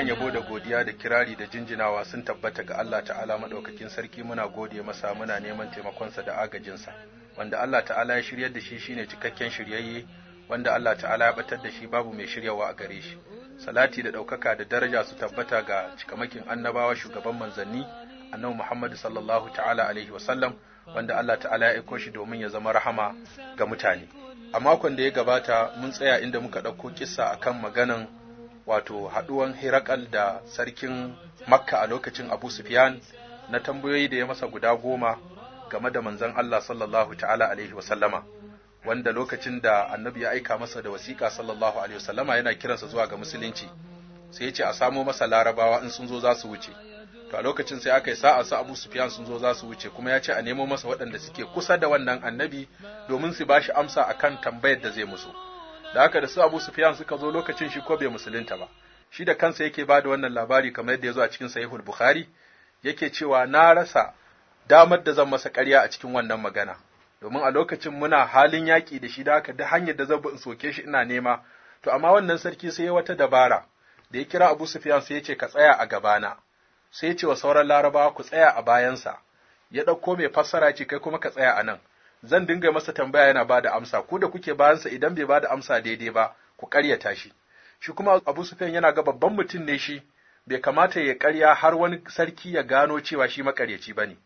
dukkan yabo da godiya da kirari da jinjinawa sun tabbata ga Allah ta'ala maɗaukakin sarki muna gode masa muna neman taimakonsa da agajinsa wanda Allah ta'ala ya shiryar da shi shine cikakken shiryayye wanda Allah ta'ala ya batar da shi babu mai shiryawa a gare shi salati da ɗaukaka da daraja su tabbata ga cikamakin annabawa shugaban manzanni annabi Muhammad sallallahu ta'ala alaihi wasallam wanda Allah ta'ala ya aiko shi domin ya zama rahama ga mutane a makon da ya gabata mun tsaya inda muka ɗauko kissa akan maganan wato haɗuwan hirakal da sarkin makka a lokacin abu sufyan na tambayoyi da ya masa guda goma game da manzan Allah sallallahu ta'ala alaihi wasallama wanda lokacin da annabi ya aika masa da wasiƙa sallallahu alaihi wasallama yana kiransa zuwa ga musulunci sai ya ce a samo masa larabawa in sun zo za su wuce to a lokacin sai aka yi sa'a su Abu Sufyan sun zo za su wuce kuma ya ce a nemo masa waɗanda suke kusa da wannan annabi domin su bashi amsa akan tambayar da zai musu da haka da su Abu Sufyan suka zo lokacin shi ko bai musulunta ba shi da kansa yake ba da wannan labari kamar yadda ya zo a cikin Sahihul Bukhari yake cewa na rasa damar da zan masa ƙarya a cikin wannan magana domin a lokacin muna halin yaƙi da shi da haka da hanyar da zan in soke shi ina nema to amma wannan sarki sai ya wata dabara da ya kira Abu Sufyan sai ya ce ka tsaya a gabana sai ya ce wa sauran Larabawa ku tsaya a bayansa ya ɗauko mai fassara ce kai kuma ka tsaya a nan zan dinga masa tambaya yana ba da amsa ko da kuke bayansa idan bai ba da amsa daidai ba ku ƙaryata shi shi kuma Abu Sufyan yana ga babban mutum ne shi bai kamata ya karya har wani sarki ya gano cewa shi makaryaci ba ne.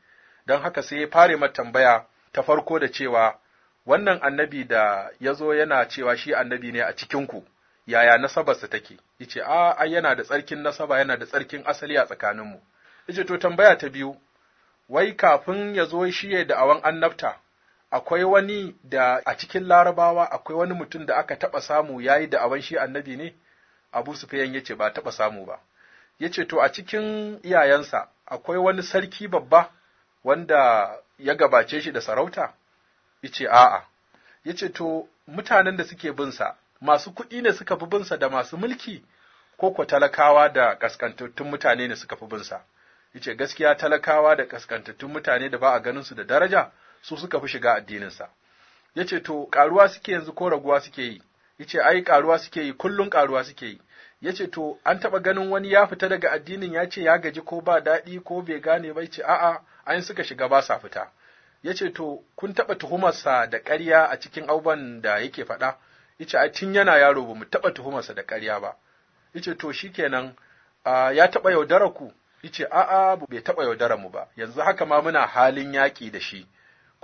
don haka sai ya fare mata tambaya ta farko da cewa wannan annabi da ya zo yana cewa shi annabi ne a cikinku yaya nasabarsa take Ice a ah, ai yana da tsarkin nasaba yana da tsarkin asali a tsakaninmu yace to tambaya ta biyu wai kafin ya zo shi ya da awan annabta akwai wani da a cikin larabawa akwai wani mutum da aka taɓa samu ya yi da'awan shi annabi ne abu sufiyan ya ce ba taɓa samu ba ya ce to a cikin iyayensa akwai wani sarki babba wanda ya gabace shi da sarauta ya ce a'a ya ce to mutanen da suke binsa masu kuɗi ne suka fi binsa da masu mulki ko ko talakawa da kaskantattun mutane ne suka fi binsa ya ce gaskiya talakawa da kaskantattun mutane da ba a ganin su da daraja su suka fi shiga addininsa ya ce to ƙaruwa suke yanzu ko raguwa suke yi ya ce ai ƙaruwa suke yi kullum ƙaruwa suke yi ya ce to an taɓa ganin wani ya fita daga addinin ya ce ya gaji ko ba daɗi ko bai gane ba ce a'a an suka shiga ba sa fita ya ce to kun taɓa tuhumarsa da ƙarya a cikin auban da yake faɗa ya ce ai tun yana yaro ba mu taɓa tuhumarsa da ƙarya ba ya ce to shi kenan ya taɓa yaudara ku ya ce a'a bai taɓa yaudara mu ba yanzu haka ma muna halin yaƙi da shi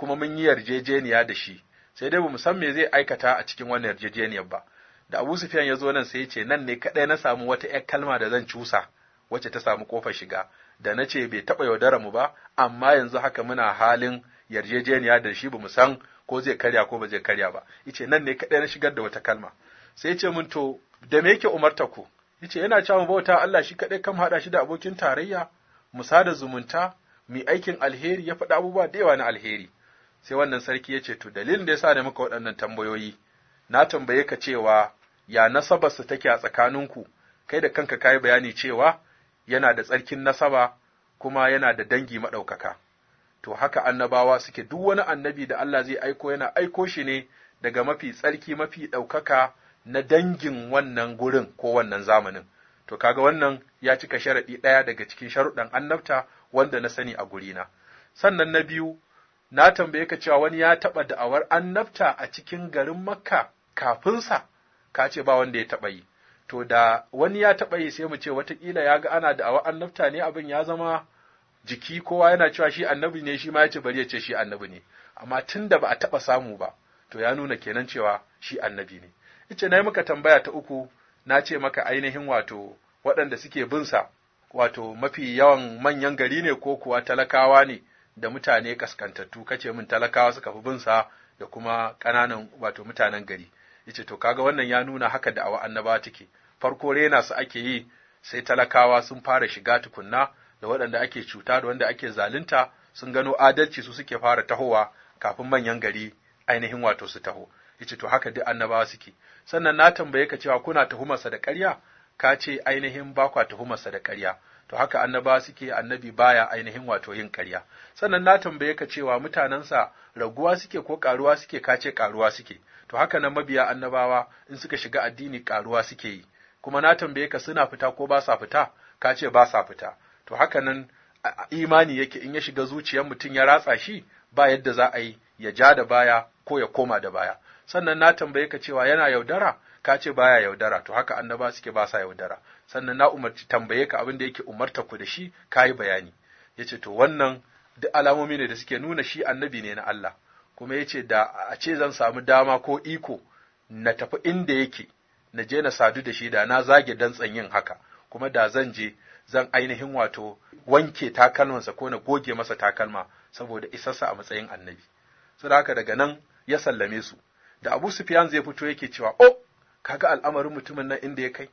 kuma mun yi yarjejeniya da shi sai dai bamu san me zai aikata a cikin wannan yarjejeniyar ba da Abu Sufyan ya zo nan sai ya ce nan ne kadai na samu wata ƴar kalma da zan cusa wacce ta samu kofar shiga da na ce bai taba yaudara mu ba amma yanzu haka muna halin yarjejeniya da shi bamu san ko zai karya ko ba zai karya ba yace nan ne kadai na shigar da wata kalma sai ya ce mun to da me yake umarta ku yace yana cewa bauta Allah shi kadai kan hada shi da abokin tarayya mu sada zumunta mu aikin alheri ya faɗa abubuwa da yawa na alheri sai wannan sarki ya ce to dalilin da ya sa ne muka waɗannan tambayoyi na tambaye ka cewa ya nasabar su take a tsakaninku kai da kanka yi bayani cewa yana da tsarkin nasaba kuma yana da dangi maɗaukaka to haka annabawa suke duk wani annabi da Allah zai aiko yana aiko shi ne daga mafi tsarki mafi ɗaukaka na dangin wannan gurin ko wannan zamanin to kaga wannan ya cika sharaɗi ɗaya daga cikin sharuɗan annabta wanda na sani a gurina sannan na biyu na tambaye ka cewa wani ya taɓa da'awar annabta a cikin garin makka kafinsa ka ce ba wanda ya taɓa yi to da wani ya taɓa yi sai mu ce watakila ya ga ana da'awar annabta ne abin ya zama jiki kowa yana cewa shi annabi ne shi ma ya ce bari ya ce shi annabi ne amma tun da ba a taɓa samu ba to ya nuna kenan cewa shi annabi ne ice na yi maka tambaya ta uku na ce maka ainihin wato waɗanda suke bin sa wato mafi yawan manyan gari ne ko kuwa talakawa ne da mutane kaskantattu kace min talakawa suka fi bin da kuma ƙananan wato mutanen gari yace to kaga wannan ya nuna haka da awa annabawa take farko rena su ake yi sai talakawa sun fara shiga tukunna da waɗanda ake cuta da wanda ake zalunta sun gano adalci su suke fara tahowa kafin manyan gari ainihin wato su taho yace to haka duk annabawa suke sannan na tambaye ka cewa kuna tuhumarsa da ƙarya ka ce ainihin ba kwa tuhumarsa da ƙarya to haka annaba suke annabi baya ainihin wato yin karya sannan na tambaye ka cewa mutanensa raguwa suke ko karuwa suke kace karuwa suke to haka nan mabiya annabawa in suka shiga addini karuwa suke yi kuma na tambaye ka suna fita ko ba sa fita kace ce ba sa fita to haka nan imani yake in ya shiga zuciyar mutum ya ratsa shi ba yadda za a yi ya ja da baya ko ya koma da baya sannan na tambaye ka cewa yana yaudara kace baya yaudara to haka annaba suke ba sa yaudara sannan na umarci tambaye ka abin da yake umarta ku da shi kayi bayani yace to wannan duk alamomi ne da suke nuna shi annabi ne na Allah kuma yace da a ce zan samu dama ko iko na tafi inda yake na je na sadu da shi da na zage dantsan yin haka kuma da zan je zan ainihin wato wanke takalmansa ko na goge masa takalma saboda isarsa a matsayin annabi saboda haka daga nan ya sallame su da Abu Sufyan zai fito yake cewa oh kaga al'amarin mutumin nan inda ya kai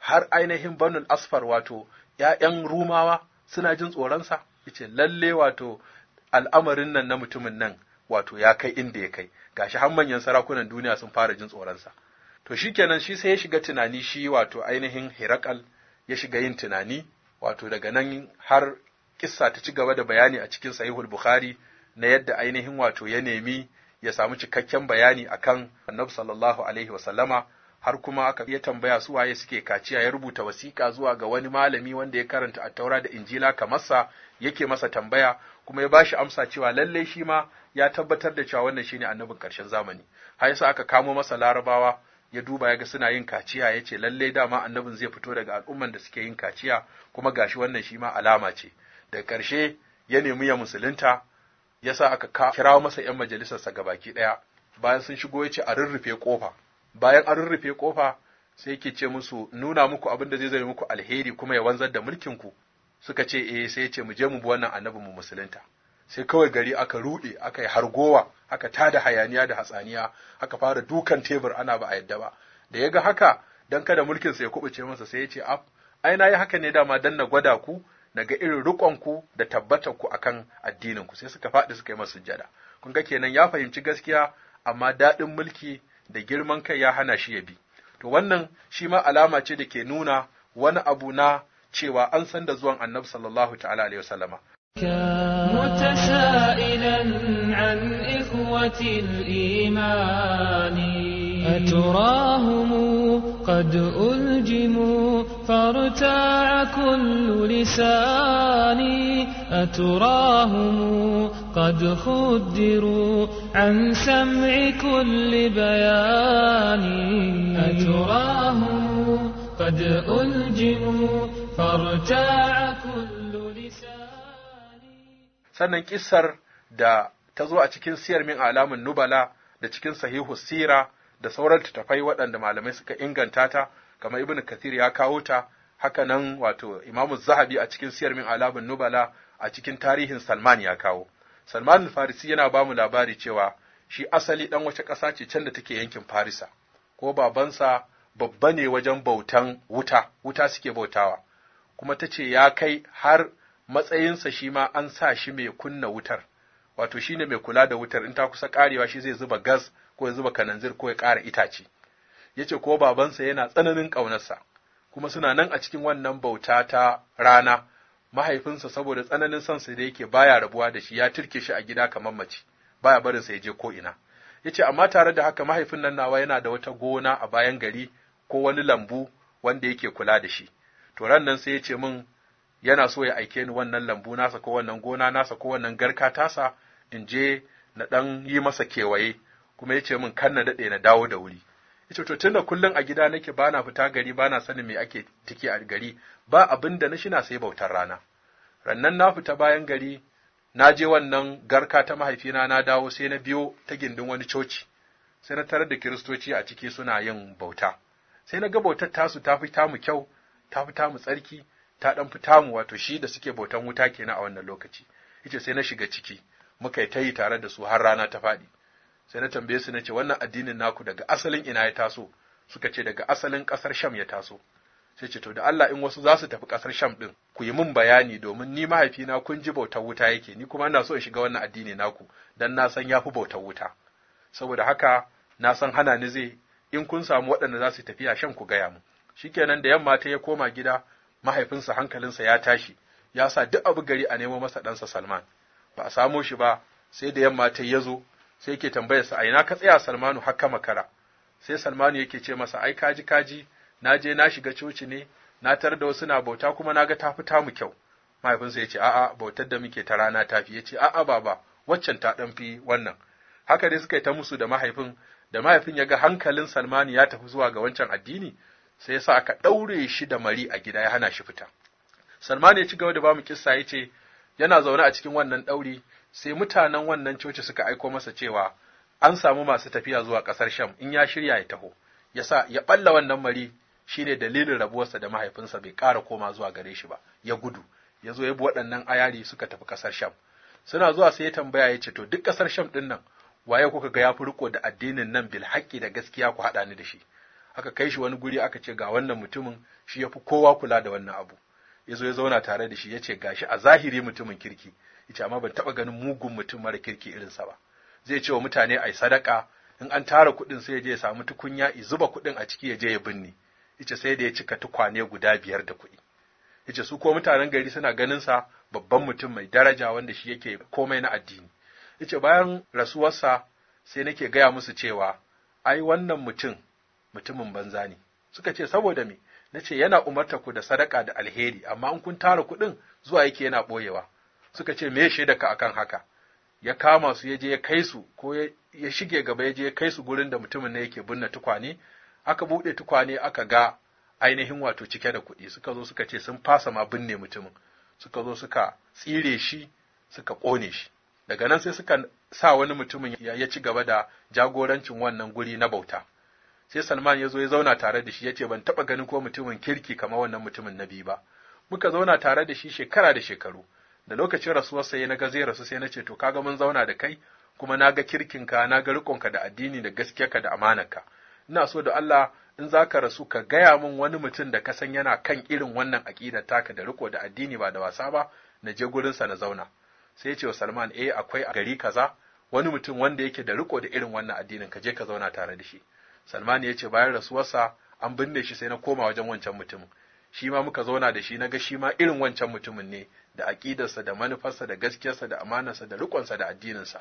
har ainihin banul asfar wato ‘ya'yan rumawa suna jin tsoronsa, yace lalle wato al'amarin nan na mutumin nan wato ya kai inda ya kai, gashi har manyan sarakunan duniya sun fara jin tsoronsa. To shi kenan shi sai ya shiga tunani shi wato ainihin Herakal ya shiga yin tunani, wato daga nan har kissa ta ci gaba da bayani a cikin sahihul Bukhari na yadda ainihin wato ya nemi ya samu cikakken bayani akan Annabi sallallahu alaihi wasallama har kuma aka iya tambaya su waye suke kaciya ya rubuta wasiƙa zuwa ga wani malami wanda ya karanta a taura da injila sa yake masa tambaya kuma ya bashi amsa cewa lallai shi ma ya tabbatar da cewa wannan shine annabin ƙarshen zamani har yasa aka kamo masa larabawa ya duba ya ga suna yin kaciya ya ce lallai dama annabin zai fito daga al'umman da suke yin kaciya kuma gashi wannan shi ma alama ce daga ƙarshe ya nemi ya musulunta yasa aka kira masa 'yan majalisarsa gabaki ɗaya bayan sun shigo ya ce a rurrufe kofa. bayan an rurrufe kofa sai ke ce musu nuna muku abin da zai zame muku alheri kuma ya wanzar da mulkin ku suka ce eh sai ya ce mu je mu bi wannan annabi mu musulunta sai kawai gari aka rude, aka yi hargowa aka tada hayaniya da hatsaniya aka fara dukan tebur ana ba a yadda ba da ya ga haka dan kada mulkin sa ya kubuce masa sai ya ce af ai na yi haka ne dama dan na gwada ku na ga irin rikon ku da tabbatar ku akan addinin ku sai suka faɗi suka yi masa sujjada kun ga kenan ya fahimci gaskiya amma daɗin mulki da girman kai ya hana shi ya bi to wannan shi ma alama ce da ke nuna wani abu na cewa an san da zuwan annabi sallallahu ta'ala alaihi wasallama متسائلا قد ألجموا فارتاع كل لساني أتراهم قد خدروا عن سمع كل بياني أتراهم قد ألجموا فارتاع كل لساني سنن كسر دا ta zo سير من أعلام min alamun nubala da da sauran tafai waɗanda malamai suka inganta ta kamar Ibn kathir ya kawo ta haka nan wato imamu zahabi a cikin siyar min alabun nubala a cikin tarihin salman ya kawo salman farisi yana ba mu labari cewa shi asali ɗan wace ƙasa ce can da take yankin farisa ko babansa babba ne wajen bautan wuta wuta suke bautawa kuma ta ce ya kai har matsayinsa shi ma an sa shi mai kunna wutar wato shi ne mai kula da wutar in ta kusa karewa shi zai zuba gas ko ya zuba kananzir ko ya ƙara itace Yace ko babansa yana tsananin ƙaunarsa kuma suna nan a cikin wannan bauta ta rana mahaifinsa saboda tsananin sansa da yake baya rabuwa da shi ya turke shi a gida kamar mace baya barinsa ya je ko ina ya amma tare da haka mahaifin nan nawa yana da wata gona a bayan gari ko wani lambu wanda yake kula da shi to ran nan sai yace ce min yana so ya aike ni wannan lambu nasa ko wannan gona nasa ko wannan garka tasa in je na ɗan yi masa kewaye kuma ya ce min kan na daɗe na dawo da wuri yace to tunda kullum a gida nake bana fita gari bana sanin me ake tiki a gari ba abin da na shina sai bautar rana rannan na fita bayan gari na je wannan garka ta mahaifina na dawo sai na biyo ta gindin wani coci sai na tarar da kiristoci a ciki suna yin bauta sai na ga bautar tasu ta fi tamu kyau ta fi tamu tsarki ta ɗan fi tamu wato shi da suke bautan wuta kenan a wannan lokaci yace sai na shiga ciki muka yi ta yi tare da su har rana ta faɗi sai na tambaye su na ce wannan addinin naku daga asalin ina ya taso suka ce daga asalin ƙasar sham ya taso sai ce to da Allah in wasu za su tafi ƙasar sham ɗin ku yi min bayani domin ni mahaifina kun ji bautar wuta yake ni kuma ina so in shiga wannan addini naku dan na san yafi bautar wuta saboda haka na san hana ni zai in kun samu waɗanda za su tafiya shan ku gaya mu shikenan da yamma ta ya koma gida mahaifinsa hankalinsa ya tashi ya sa duk abu gari a nemo masa ɗansa Salman ba a samo shi ba sai da yamma ta ya zo sai yake tambayar sa a ina ka tsaya Salmanu kama makara sai Salmanu yake ce masa ai kaji kaji na je na shiga coci ne na tar da wasu na bauta kuma na ga ta fi tamu kyau mahaifinsa ya ce a'a bautar da muke ta rana ta fi ya ce a'a baba waccan ta dan fi wannan haka dai suka yi ta musu da mahaifin da mahaifin ya ga hankalin Salmanu ya tafi zuwa ga wancan addini sai ya sa aka ɗaure shi da mari a gida ya hana shi fita Salmanu ya ci gaba da bamu kissa ya ce yana zaune a cikin wannan ɗauri sai mutanen wannan coci suka aiko masa cewa an samu masu tafiya zuwa ƙasar Sham in ya shirya ya taho, ya sa ya ɓalla wannan mari shi ne dalilin rabuwarsa da mahaifinsa bai ƙara koma zuwa gare shi ba, ya gudu, ya zo ya bi waɗannan ayari suka tafi ƙasar Sham. Suna zuwa sai ya tambaya ya ce, to duk ƙasar Sham ɗin nan, waye kuka ga ya fi riƙo da addinin nan bil haƙƙi da gaskiya ku haɗa ni da shi. Aka kai shi wani guri aka ce ga wannan mutumin shi ya fi kowa kula da wannan abu. Ya zo ya zauna tare da shi ya ce ga shi a zahiri mutumin kirki, yace amma ban taba ganin mugun mutum mara kirki irin sa ba zai ce wa mutane ai sadaka in an tara kuɗin sai ya je ya samu tukunya i zuba kuɗin a ciki ya je ya binne yace sai da ya cika tukwane guda biyar da kuɗi yace su ko mutanen gari suna ganin sa babban mutum mai daraja wanda shi yake komai na addini yace bayan rasuwarsa sai nake gaya musu cewa ai wannan mutum mutumin banza ne suka ce saboda me nace yana umarta ku da sadaka da alheri amma in kun tara kuɗin zuwa yake yana ɓoyewa suka ce me shaida ka akan haka ya kama su ya je ya kai su ko ya shige gaba ya je ya kai su gurin da mutumin ne yake binne tukwane aka buɗe tukwane aka ga ainihin wato cike da kuɗi suka zo suka ce sun fasa ma binne mutumin suka zo suka tsire shi suka kone shi daga nan sai suka sa wani mutumin ya ci gaba da jagorancin wannan guri na bauta sai Salman ya zo ya zauna tare da shi ya ce ban taɓa ganin ko mutumin kirki kamar wannan mutumin na biyu ba muka zauna tare da shi shekara da shekaru da lokacin rasuwar ya na zai rasu sai na ce to kaga mun zauna da kai kuma na ga kirkin ka, na ga riƙonka da addini da gaskiyarka da amanarka ina so da Allah in zaka rasu ka gaya mun wani mutum da ka san yana kan irin wannan aƙidar taka da riko da addini ba da wasa ba na je gurinsa na zauna sai ya ce wa Salman eh akwai a gari kaza wani mutum wanda yake da riko da irin wannan addinin ka je ka zauna tare da shi Salman ya ce bayan rasuwarsa an binne shi sai na koma wajen wancan mutumin shi ma muka zauna da shi Na ga shi ma irin wancan mutumin ne da aƙidarsa da manufarsa da gaskiyarsa da amanarsa da riƙonsa da addininsa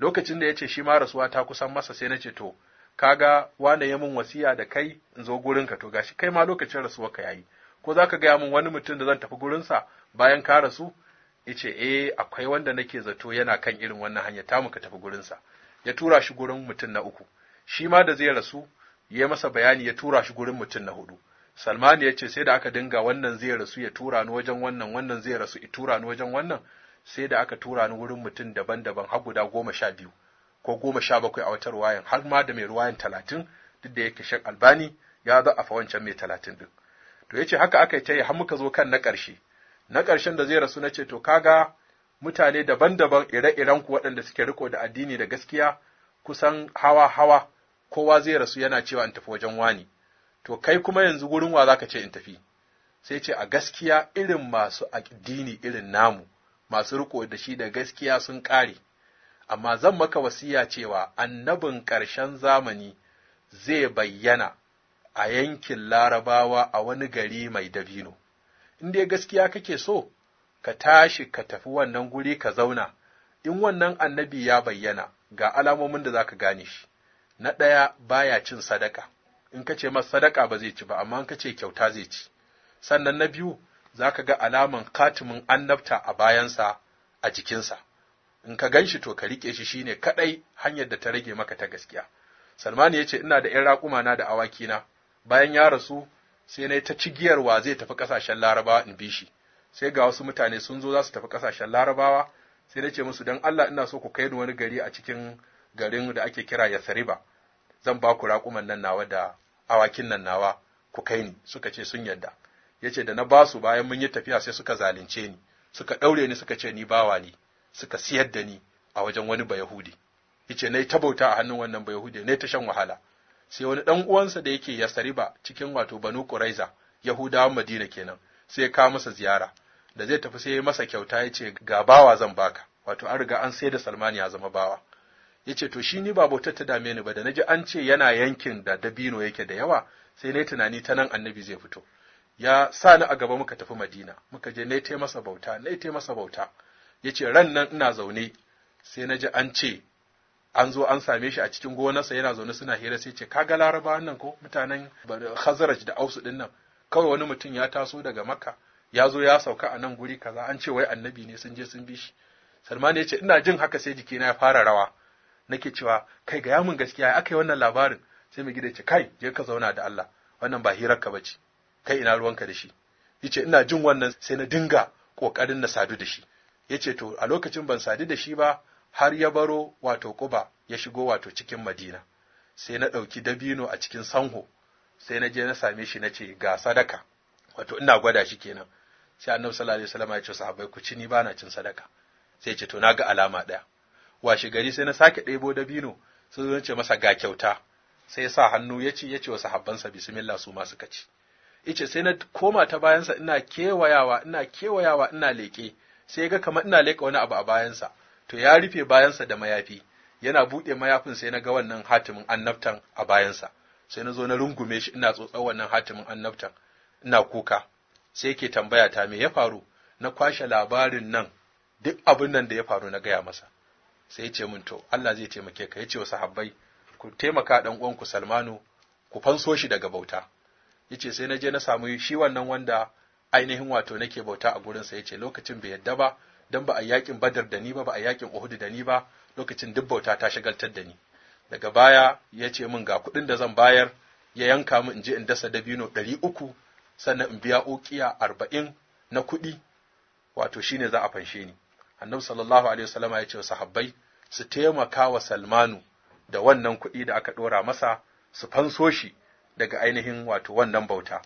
lokacin da ya ce shi ma rasuwa ta kusan masa sai na ce to kaga wane ya mun wasiya da kai in zo gurinka to gashi kai ma lokacin rasuwa ka yayi ko za ka gaya min wani mutum da zan tafi gurinsa bayan ka rasu ice eh akwai wanda nake zato yana kan irin wannan hanya ta muka tafi gurinsa ya tura shi gurin mutum na uku shi ma da zai rasu ya masa bayani ya tura shi gurin mutum na hudu Salman ya ce sai da aka dinga wannan zai rasu ya tura ni wajen wannan wannan zai rasu ya tura ni wajen wannan sai da aka tura ni wurin mutum daban-daban har guda goma sha biyu ko goma sha bakwai a wata ruwayan har ma da mai ruwayan talatin duk da yake shek albani ya za a wancan mai talatin din to ya ce haka aka yi har muka zo kan na ƙarshe na ƙarshen da zai rasu na ce to kaga mutane daban-daban ire-iren ku waɗanda suke riko da addini da gaskiya kusan hawa-hawa kowa zai rasu yana cewa in tafi wajen wani to kai kuma yanzu wurin wa zaka ce in tafi sai ce a gaskiya irin masu addini irin namu masu riko da shi da gaskiya sun kare. amma zan maka wasiya cewa annabin ƙarshen zamani zai bayyana a yankin larabawa a wani gari mai dabino in dai gaskiya kake so ka tashi ka tafi wannan guri ka zauna in wannan annabi ya bayyana ga alamomin da za ka gane shi na ɗaya baya cin sadaka in ka ce masa sadaka ba zai ci ba amma in ka ce kyauta zai ci sannan na biyu za ka ga alaman katimin annabta a bayansa a jikinsa in ka gan shi to ka riƙe shi shine kaɗai hanyar da ta rage maka ta gaskiya salman ya ce ina da ‘yan raƙuma na da awaki na bayan ya rasu sai na ta wa zai tafi ƙasashen larabawa in bi shi sai ga wasu mutane sun zo za su tafi ƙasashen larabawa sai na ce musu don Allah ina so ku kai ni wani gari a cikin garin da ake kira Yathriba zan ba ku raƙuman nan nawa da awakin nan nawa ku kai ni suka ce sun yarda yace da na ba su bayan mun yi tafiya sai suka zalunce ni suka ɗaure ni suka ce ni bawa ni suka siyar da ni a wajen wani bayahudi yace nai ta bauta a hannun wannan bayahudi yi ta shan wahala sai wani ɗan uwansa da yake Yasariba cikin wato Banu Quraiza Yahudawan Madina kenan sai ya kawo masa ziyara da zai tafi sai ya masa kyauta ya ce ga bawa zan baka wato an riga an sai da Salman ya zama bawa ya ce to shi ni ba bautar ta dame ni ba da naji an ce yana yankin da dabino yake da yawa sai nayi tunani ta nan annabi zai fito ya sa ni a gaba muka tafi Madina muka je nayi tai masa bauta nayi tai masa bauta yace ran nan ina zaune sai naji an ce an zo an same shi a cikin gonarsa yana zaune suna hira sai ce ka ga Laraba, nan ko mutanen Khazraj da Ausu din nan kawai wani mutum ya taso daga Makka ya zo ya sauka a nan guri kaza an ce wai annabi ne sun je sun bi shi Salman ya ce ina jin haka sai jikina ya fara rawa nake cewa kai ga yamin gaskiya aka yi wannan labarin sai mai gida ce kai je ka zauna da Allah wannan ba hirar ka bace kai ina ruwanka da shi yace ina jin wannan sai na dinga kokarin na sadu da shi yace to a lokacin ban sadu da shi ba har ya baro wato kuba ya shigo wato cikin Madina sai na ɗauki dabino a cikin sanho sai na je na same shi na ce ga sadaka wato ina gwada shi kenan sai annabi sallallahu alaihi wasallam ya ce sahabbai ku cini ni bana cin sadaka sai ya ce to naga alama ɗaya washe gari sai na sake ɗebo dabino sai zo ce masa ga kyauta sai ya sa hannu ya ci ya ce wa sahabbansa bismillah su ma suka ci ice sai na koma ta bayansa ina kewayawa ina kewayawa ina leƙe sai ya ga kamar ina leka wani abu a bayansa to ya rufe bayansa da mayafi yana buɗe mayafin sai na ga wannan hatimin annabtan a bayansa sai na zo na rungume shi ina tsotsar wannan hatimin annabtan ina kuka sai yake tambaya ta me ya faru na kwashe labarin nan duk abin nan da ya faru na gaya masa sai ya ce min to Allah zai taimake ka ya ce wa sahabbai ku taimaka dan uwanku Salmanu ku fanso shi daga bauta yace sai na je na samu shi wannan wanda ainihin wato nake bauta a gurinsa yace lokacin bai yadda ba dan ba a yakin Badar da ni ba ba a yakin Uhud da ni ba lokacin duk bauta ta shagaltar da ni daga baya ya ce min ga kuɗin da zan bayar ya yanka min in je in dasa dabino ɗari uku sannan in biya ukiya arba'in na kuɗi wato shine za a fanshe ni annabi sallallahu alaihi wasallam ya ce sahabbai su taimaka wa salmanu da wannan kuɗi da aka ɗora masa su fanso shi daga ainihin wato wannan bauta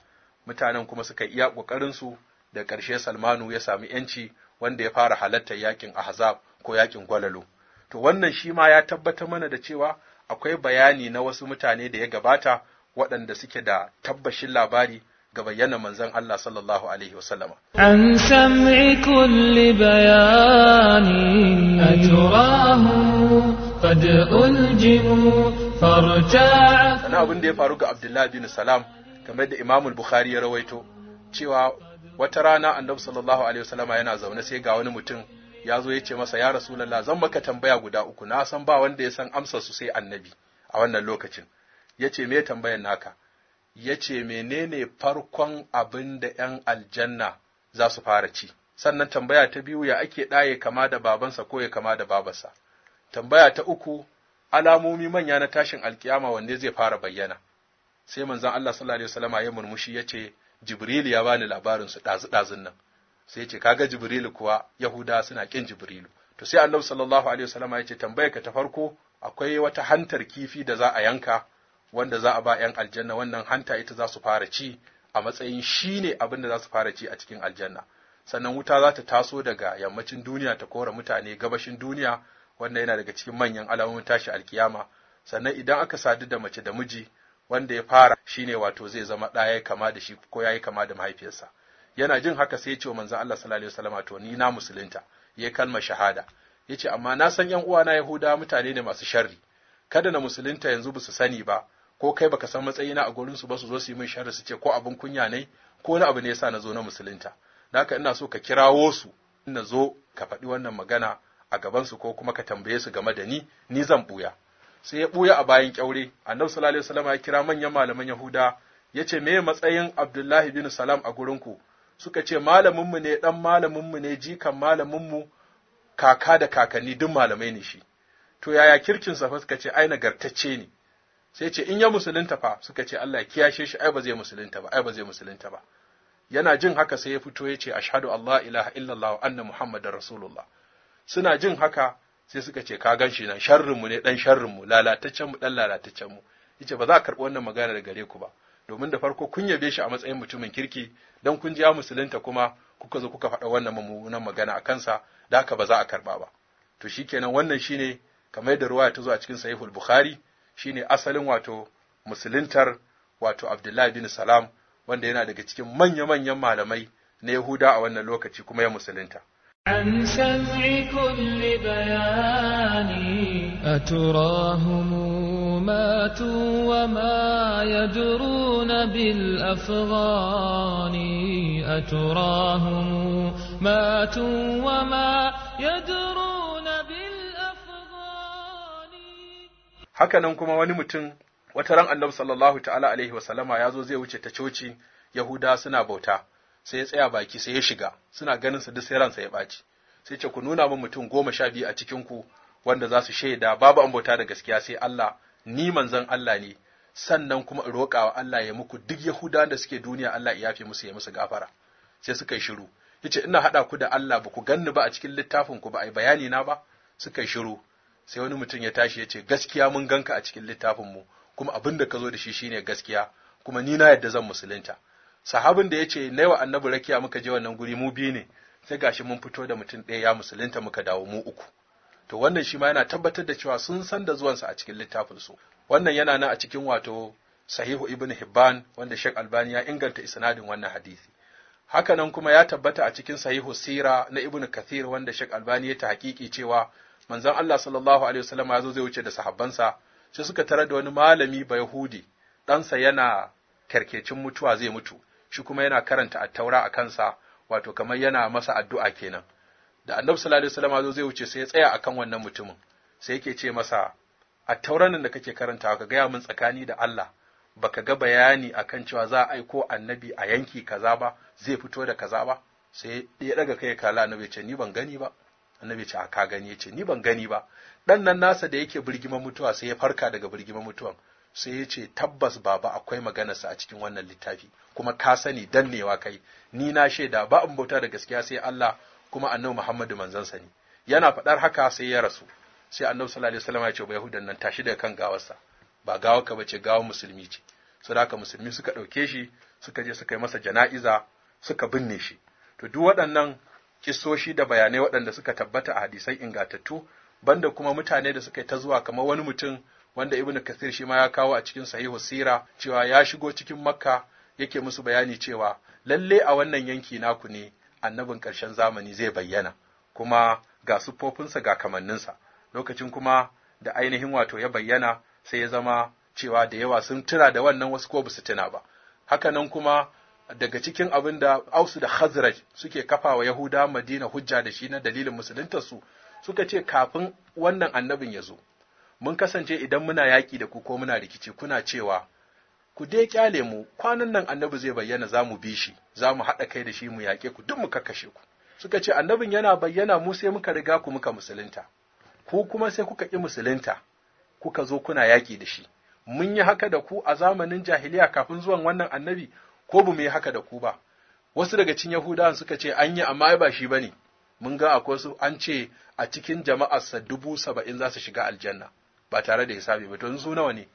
mutanen kuma suka iya ƙoƙarin su da ƙarshe salmanu ya sami yanci wanda ya fara halartar yakin ahzab ko yakin gwalalo to wannan shi ma ya tabbata mana da cewa akwai bayani na wasu mutane da ya gabata waɗanda suke da tabbashin labari ga bayyana manzon Allah sallallahu alaihi wasallama an sam'i kulli bayani ajrahu qad uljimu farta'a sana abin da ya faru ga Abdullah bin Salam kamar da Imam Bukhari ya rawaito cewa wata rana Annabi sallallahu alaihi wasallama yana zaune sai ga wani mutum ya zo ya ce masa ya Rasulullah zan maka tambaya guda uku na san ba wanda ya san amsar su sai Annabi a wannan lokacin ya ce me tambayan naka ya ce menene farkon abin da ’yan aljanna za su fara ci, sannan tambaya ta biyu ya ake ɗaye kama da babansa ko ya kama da babarsa, tambaya ta uku alamomi manya na tashin alkiyama wanne zai fara bayyana, sai manzan Allah sallallahu ya murmushi ya ce, Jibril ya bani su ɗazu-ɗazun nan, sai ya ce, kaga Jibrilu kuwa Yahuda suna ƙin Jibrilu. To sai Allah sallallahu Alaihi wasallama ya ce, tambaya ka ta farko akwai wata hantar kifi da za a yanka wanda za a ba 'yan aljanna wannan hanta ita za su fara ci a matsayin shi ne abin da za su fara ci a cikin aljanna sannan wuta za ta taso daga yammacin duniya ta kora mutane gabashin duniya wanda yana daga cikin manyan alamomin tashi alkiyama sannan idan aka sadu da mace da miji wanda ya fara shine wato zai zama ɗaya kama da shi ko ya yi kama da mahaifiyarsa yana jin haka sai ya ce wa manzan Allah sallallahu alaihi wasallam to ni na musulunta ya kalma shahada yace amma na san yan uwana yahuda mutane ne masu sharri kada na musulunta yanzu ba su sani ba ko kai baka san matsayina a gurin su ba su zo su yi min sharri su ce ko abin kunya ne ko wani abu ne yasa na zo na musulunta haka ina so ka kirawo su ina zo ka faɗi wannan magana a gaban su ko kuma ka tambaye su game da ni ni zan buya sai ya buya a bayan kyaure annabi sallallahu alaihi wasallam ya kira manyan malaman yahuda ya ce me matsayin abdullahi bin salam a ku suka ce malaminmu ne ɗan mu ne jikan mu kaka da kakanni duk malamai ne shi to yaya sa fa suka ce ai nagartacce ne sai ce in ya musulunta fa suka ce Allah ya kiyashe shi ai ba zai musulunta ba ai ba zai musulunta ba yana jin haka sai ya fito ya ce ashhadu Allah ilaha illallah anna muhammadar rasulullah suna jin haka sai suka ce ka gan shi nan sharrin mu ne dan sharrin mu lalataccen mu dan lalataccen mu yace ba za a karbi wannan magana da gare ku ba domin da farko kun yabe shi a matsayin mutumin kirki dan kun ji ya musulunta kuma kuka zo kuka faɗa wannan mummunan magana a kansa da haka ba za a karba ba to shikenan wannan shine kamar da ruwaya ta zo a cikin sahihul bukhari shine asalin wato musuluntar wato Abdullahi bin Salam wanda yana daga cikin manya-manyan malamai na Yahuda a wannan lokaci kuma ya musulunta. عن سمع كل بيان أتراهم ماتوا وما يدرون بالأفغان أتراهم ماتوا وما يدرون hakanan kuma wani mutum wata ran annabi sallallahu ta'ala alaihi wa sallama ya zo zai wuce ta coci yahuda suna bauta sai ya tsaya baki sai ya shiga suna ganin su duk sai ransa ya baci sai ce ku nuna min mutum goma sha biyu a cikin ku wanda za su shaida babu an bauta da gaskiya sai Allah ni manzon Allah ne sannan kuma in roƙa wa Allah ya muku duk yahuda da suke duniya Allah ya yafe musu ya musu gafara sai suka yi shiru yace ina haɗa ku da Allah ba ku ganni ba a cikin littafin ku ba ai bayani na ba suka yi shiru sai wani mutum ya tashi ya ce gaskiya mun ganka a cikin littafinmu kuma abin da ka zo da shi shine gaskiya kuma ni na yadda zan musulunta sahabin da ya ce na wa annabi rakiya muka je wannan guri mu biyu ne sai gashi mun fito da mutum ɗaya ya musulunta muka dawo mu uku to wannan shi ma yana tabbatar da cewa sun san da zuwansa a cikin littafin su wannan yana nan a cikin wato sahihu ibn hibban wanda shek albani ya inganta isnadin wannan hadisi haka nan kuma ya tabbata a cikin sahihu sira na ibn kathir wanda shek albani ya ta hakiki cewa manzon Allah sallallahu alaihi wasallam ya zo zai wuce da sahabbansa sai suka tarar da wani malami ba Yahudi ɗansa yana karkecin mutuwa zai mutu shi kuma yana karanta attaura a kansa wato kamar yana masa addu'a kenan da annabi sallallahu alaihi wasallam ya zai wuce sai ya tsaya akan wannan mutumin sai yake ce masa attauran nan da kake karanta ka gaya min tsakani da Allah baka ga bayani akan cewa za a aiko annabi a yanki kaza ba zai fito da kaza ba sai ya daga kai kala annabi ce ni ban gani ba annabi ce a ka gani ya ce ni ban gani ba ɗan nan nasa da yake birgiman mutuwa sai ya farka daga birgiman mutuwan sai ya ce tabbas baba akwai maganarsa a cikin wannan littafi kuma ka sani dannewa kai ni na shaida ba in bauta da gaskiya sai Allah kuma annabi Muhammadu manzon sa ne yana faɗar haka sai ya rasu sai annabi sallallahu alaihi wasallam ya ce ba yahudan nan tashi daga kan gawarsa ba gawar ka bace gawar musulmi ce saboda da musulmi suka ɗauke shi suka je suka yi masa jana'iza suka binne shi to duk waɗannan kisoshi da bayanai waɗanda suka tabbata a hadisai ingantattu. banda kuma mutane da suka yi ta zuwa kamar wani mutum wanda ibn kathir shi ma ya kawo a cikin sahihu sira cewa ya shigo cikin makka yake musu bayani cewa lalle a wannan yanki naku ne annabin ƙarshen zamani zai bayyana kuma ga siffofinsa ga kamanninsa lokacin kuma da ainihin wato ya bayyana sai ya zama cewa da yawa sun tuna da wannan wasu ko ba su tuna ba hakanan kuma daga cikin abin da Ausu da Khazraj suke kafa wa Yahuda Madina hujja da shi na dalilin musuluntarsu suka ce kafin wannan annabin ya zo mun kasance idan muna yaƙi da ku ko muna rikici kuna cewa ku dai kyale mu kwanan nan annabi zai bayyana za mu bi shi za mu haɗa kai da shi mu yaƙe ku duk mu kakkashe ku suka ce annabin yana bayyana mu sai muka riga ku muka musulunta ku kuma sai kuka ƙi musulunta kuka zo kuna yaƙi da shi mun yi haka da ku a zamanin jahiliya kafin zuwan wannan annabi ko bu mu yi haka da ku ba wasu daga cikin yahudawan suka ce an yi amma ba shi bane mun ga akwai su an ce a cikin jama'arsa dubu saba'in za su shiga aljanna ba tare da hisabi ba to su nawa ne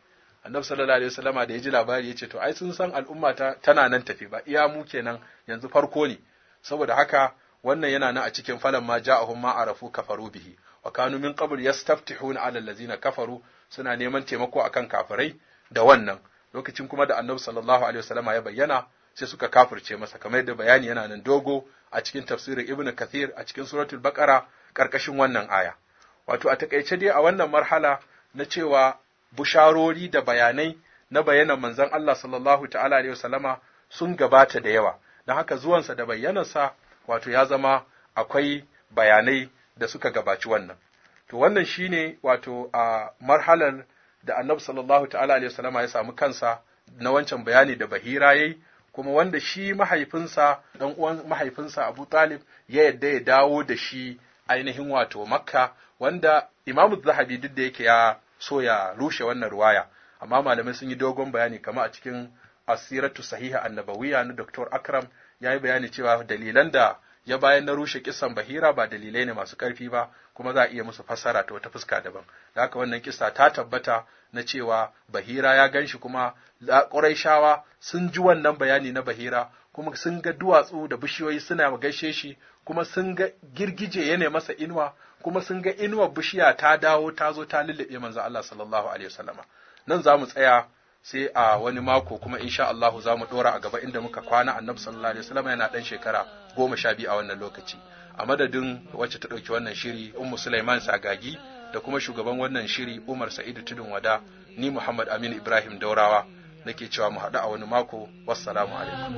annabi sallallahu alaihi wasallama da ya ji labari ya ce to ai sun san al'umma ta tana nan tafi ba iya mu kenan yanzu farko ne saboda haka wannan yana nan a cikin falan ma ja'ahum ma arafu kafaru bihi wa kanu min qabl yastaftihuna ala allazina kafaru suna neman taimako akan kafirai da wannan lokacin kuma da annabi sallallahu alaihi wasallama ya bayyana sai suka kafirce masa kamar yadda bayani yana nan dogo a cikin tafsirin ibnu kathir a cikin suratul baqara karkashin wannan aya wato a takaice dai a wannan marhala na cewa busharori da bayanai na bayanan manzon Allah sallallahu ta'ala alaihi wasallama sun gabata da yawa na haka zuwansa da bayyanansa wato ya zama akwai bayanai da suka gabaci wannan to wannan shine wato a marhalar da annabi sallallahu ta'ala alaihi wasallama ya samu kansa na wancan bayani da bahira yayi kuma wanda shi mahaifinsa dan uwan mahaifinsa Abu Talib ya yadda ya dawo da shi ainihin wato Makka wanda Imam Zahabi duk da yake ya so ya rushe wannan ruwaya amma malamai sun yi dogon bayani kama a cikin asiratu sahiha annabawiya na Dr. Akram ya yi bayani cewa dalilan da ya bayan na rushe kisan bahira ba dalilai ne masu ƙarfi ba kuma za a iya musu fassara ta wata fuska daban da haka wannan kisa ta tabbata na cewa bahira ya ganshi kuma ƙuraishawa sun ji wannan bayani na bahira kuma sun ga duwatsu da bishiyoyi suna gaishe shi kuma sun ga girgije ne masa inuwa kuma sun ga inuwar bishiya ta dawo ta zo ta lulluɓe manzo Allah sallallahu alaihi wasallama nan za mu tsaya sai a wani mako kuma insha Allahu za mu dora a gaba inda muka kwana annabi sallallahu alaihi wasallam yana dan shekara goma sha biyu a wannan lokaci a madadin wacce ta ɗauki wannan shiri ummu Sulaiman Sagagi da kuma shugaban wannan shiri Umar Sa'idu Tudun Wada ni Muhammad Aminu Ibrahim Daurawa nake cewa mu haɗu a wani mako wassalamu alaikum